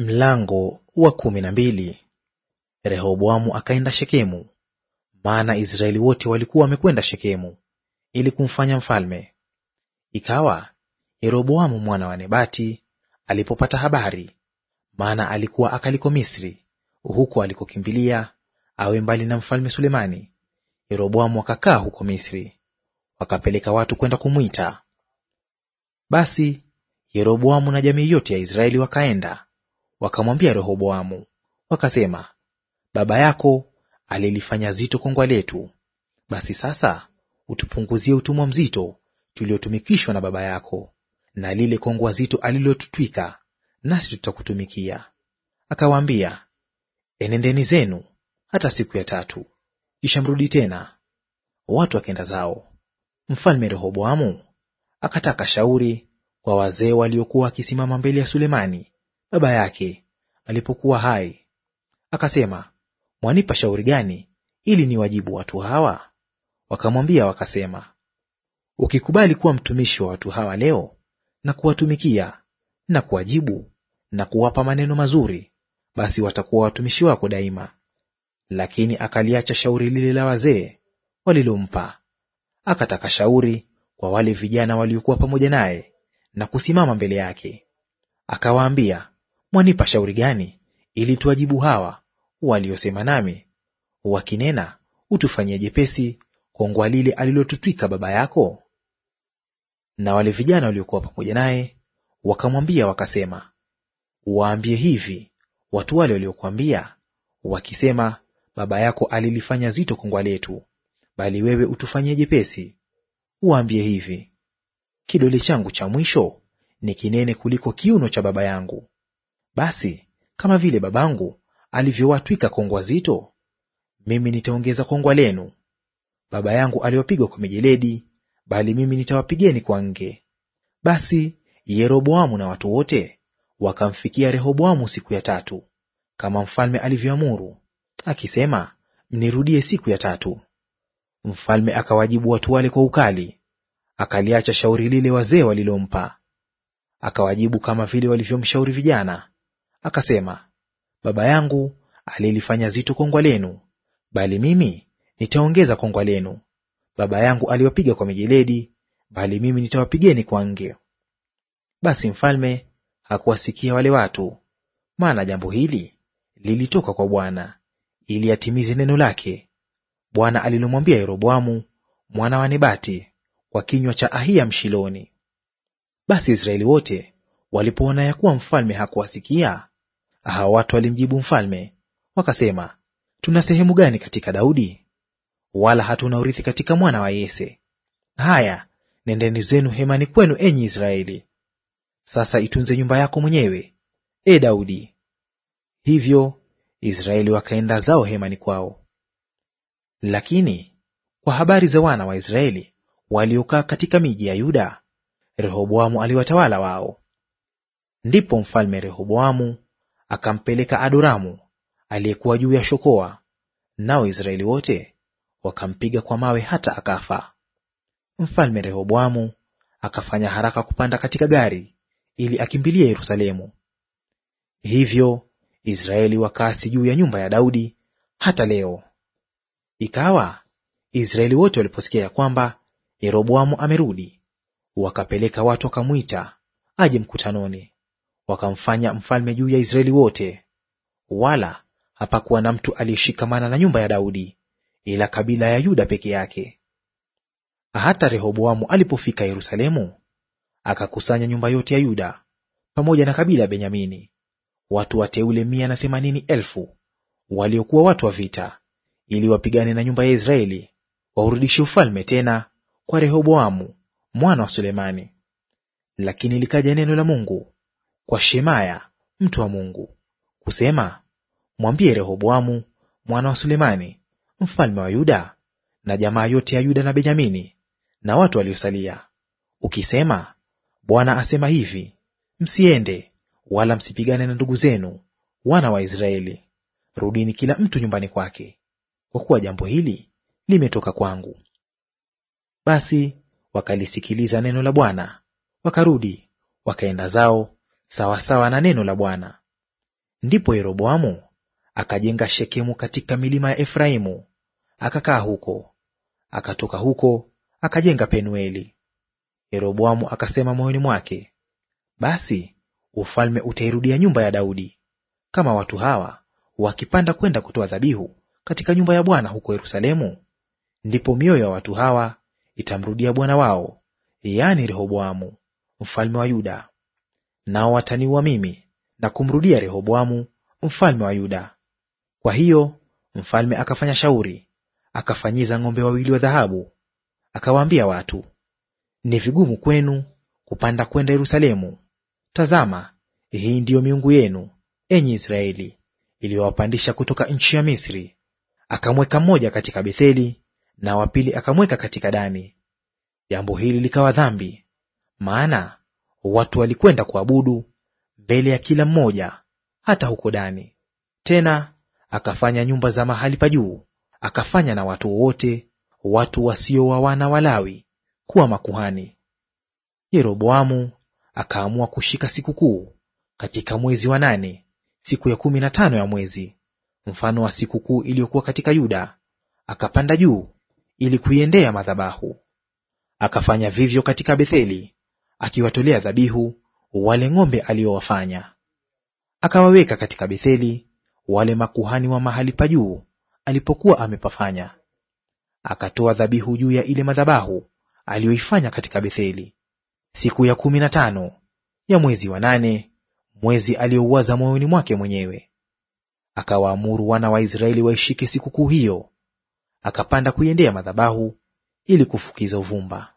Mlango wa kumi na mbili. Rehoboamu akaenda Shekemu, maana Israeli wote walikuwa wamekwenda Shekemu ili kumfanya mfalme. Ikawa Yeroboamu mwana wa Nebati alipopata habari, maana alikuwa akaliko Misri, huko alikokimbilia awe mbali na mfalme Sulemani, Yeroboamu akakaa huko Misri. Wakapeleka watu kwenda kumwita. Basi Yeroboamu na jamii yote ya Israeli wakaenda wakamwambia Rehoboamu wakasema, baba yako alilifanya zito kongwa letu, basi sasa utupunguzie utumwa mzito tuliotumikishwa na baba yako, na lile kongwa zito alilotutwika, nasi tutakutumikia. Akawaambia, enendeni zenu hata siku ya tatu, kisha mrudi tena. Watu akenda zao. Mfalme Rehoboamu akataka shauri kwa wazee waliokuwa wakisimama mbele ya Sulemani baba yake alipokuwa hai, akasema, mwanipa shauri gani ili niwajibu watu hawa? Wakamwambia wakasema, ukikubali kuwa mtumishi wa watu hawa leo na kuwatumikia na kuwajibu na kuwapa maneno mazuri, basi watakuwa watumishi wako daima. Lakini akaliacha shauri lile la wazee walilompa, akataka shauri kwa wale vijana waliokuwa pamoja naye na kusimama mbele yake. Akawaambia, Mwanipa shauri gani, ili tuwajibu hawa waliosema nami, wakinena, utufanyie jepesi kongwa lile alilotutwika baba yako? Na wale vijana waliokuwa pamoja naye wakamwambia wakasema, waambie hivi watu wale waliokuambia wakisema, baba yako alilifanya zito kongwa letu, bali wewe utufanyie jepesi. Waambie hivi, kidole changu cha mwisho ni kinene kuliko kiuno cha baba yangu, basi kama vile babangu alivyowatwika kongwa zito, mimi nitaongeza kongwa lenu. Baba yangu aliwapigwa kwa mijeledi, bali mimi nitawapigeni kwa nge. Basi Yeroboamu na watu wote wakamfikia Rehoboamu siku ya tatu, kama mfalme alivyoamuru, akisema, mnirudie siku ya tatu. Mfalme akawajibu watu wale kwa ukali, akaliacha shauri lile wazee walilompa. Akawajibu kama vile walivyomshauri vijana, Akasema, baba yangu alilifanya zito kongwa lenu, bali mimi nitaongeza kongwa lenu. Baba yangu aliwapiga kwa mijeledi, bali mimi nitawapigeni kwa nge. Basi mfalme hakuwasikia wale watu, maana jambo hili lilitoka kwa Bwana ili atimize neno lake Bwana alilomwambia Yeroboamu mwana wa Nebati kwa kinywa cha ahia Mshiloni. Basi Israeli wote walipoona ya kuwa mfalme hakuwasikia, hao watu walimjibu mfalme wakasema, tuna sehemu gani katika Daudi? Wala hatuna urithi katika mwana wa Yese. Haya, nendeni zenu hemani kwenu, enyi Israeli. Sasa itunze nyumba yako mwenyewe, e Daudi. Hivyo Israeli wakaenda zao hemani kwao. Lakini kwa habari za wana wa Israeli waliokaa katika miji ya Yuda, Rehoboamu aliwatawala wao. Ndipo mfalme Rehoboamu akampeleka Adoramu aliyekuwa juu ya shokoa, nao Israeli wote wakampiga kwa mawe hata akafa. Mfalme Rehoboamu akafanya haraka kupanda katika gari ili akimbilie Yerusalemu. Hivyo Israeli wakaasi juu ya nyumba ya Daudi hata leo. Ikawa Israeli wote waliposikia ya kwamba Yeroboamu amerudi, wakapeleka watu wakamwita aje mkutanoni wakamfanya mfalme juu ya Israeli wote, wala hapakuwa na mtu aliyeshikamana na nyumba ya Daudi ila kabila ya Yuda peke yake. Hata Rehoboamu alipofika Yerusalemu, akakusanya nyumba yote ya Yuda pamoja na kabila ya Benyamini, watu wateule mia na themanini elfu waliokuwa watu wa vita, ili wapigane na nyumba ya Israeli waurudishe ufalme tena kwa Rehoboamu mwana wa Sulemani. Lakini likaja neno la Mungu kwa Shemaya mtu wa Mungu kusema, mwambie Rehoboamu mwana wa Sulemani mfalme wa Yuda na jamaa yote ya Yuda na Benyamini na watu waliosalia, ukisema, Bwana asema hivi, msiende wala msipigane na ndugu zenu wana wa Israeli. Rudini kila mtu nyumbani kwake, kwa kuwa jambo hili limetoka kwangu. Basi wakalisikiliza neno la Bwana, wakarudi wakaenda zao sawasawa na neno la Bwana. Ndipo Yeroboamu akajenga Shekemu katika milima ya Efraimu, akakaa huko. Akatoka huko akajenga Penueli. Yeroboamu akasema moyoni mwake, basi ufalme utairudia nyumba ya Daudi, kama watu hawa wakipanda kwenda kutoa dhabihu katika nyumba ya Bwana huko Yerusalemu, ndipo mioyo ya watu hawa itamrudia bwana wao, yaani Rehoboamu mfalme wa Yuda, nao wataniua mimi na kumrudia Rehoboamu mfalme wa Yuda. Kwa hiyo mfalme akafanya shauri, akafanyiza ng'ombe wawili wa dhahabu, akawaambia watu, ni vigumu kwenu kupanda kwenda Yerusalemu. Tazama, hii ndiyo miungu yenu, enyi Israeli, iliyowapandisha kutoka nchi ya Misri. Akamweka mmoja katika Betheli na wa pili akamweka katika Dani. Jambo hili likawa dhambi, maana watu walikwenda kuabudu mbele ya kila mmoja hata huko Dani. Tena akafanya nyumba za mahali pa juu, akafanya na watu wote watu wasio wa wana Walawi, kuwa makuhani. Yeroboamu akaamua kushika sikukuu katika mwezi wa nane, siku ya kumi na tano ya mwezi, mfano wa sikukuu iliyokuwa katika Yuda, akapanda juu ili kuiendea madhabahu. Akafanya vivyo katika Betheli akiwatolea dhabihu wale ng'ombe aliowafanya. Akawaweka katika Betheli wale makuhani wa mahali pa juu alipokuwa amepafanya. Akatoa dhabihu juu ya ile madhabahu aliyoifanya katika Betheli siku ya kumi na tano ya mwezi wa nane, mwezi aliyouwaza moyoni mwake mwenyewe. Akawaamuru wana wa Israeli waishike sikukuu hiyo, akapanda kuiendea madhabahu ili kufukiza uvumba.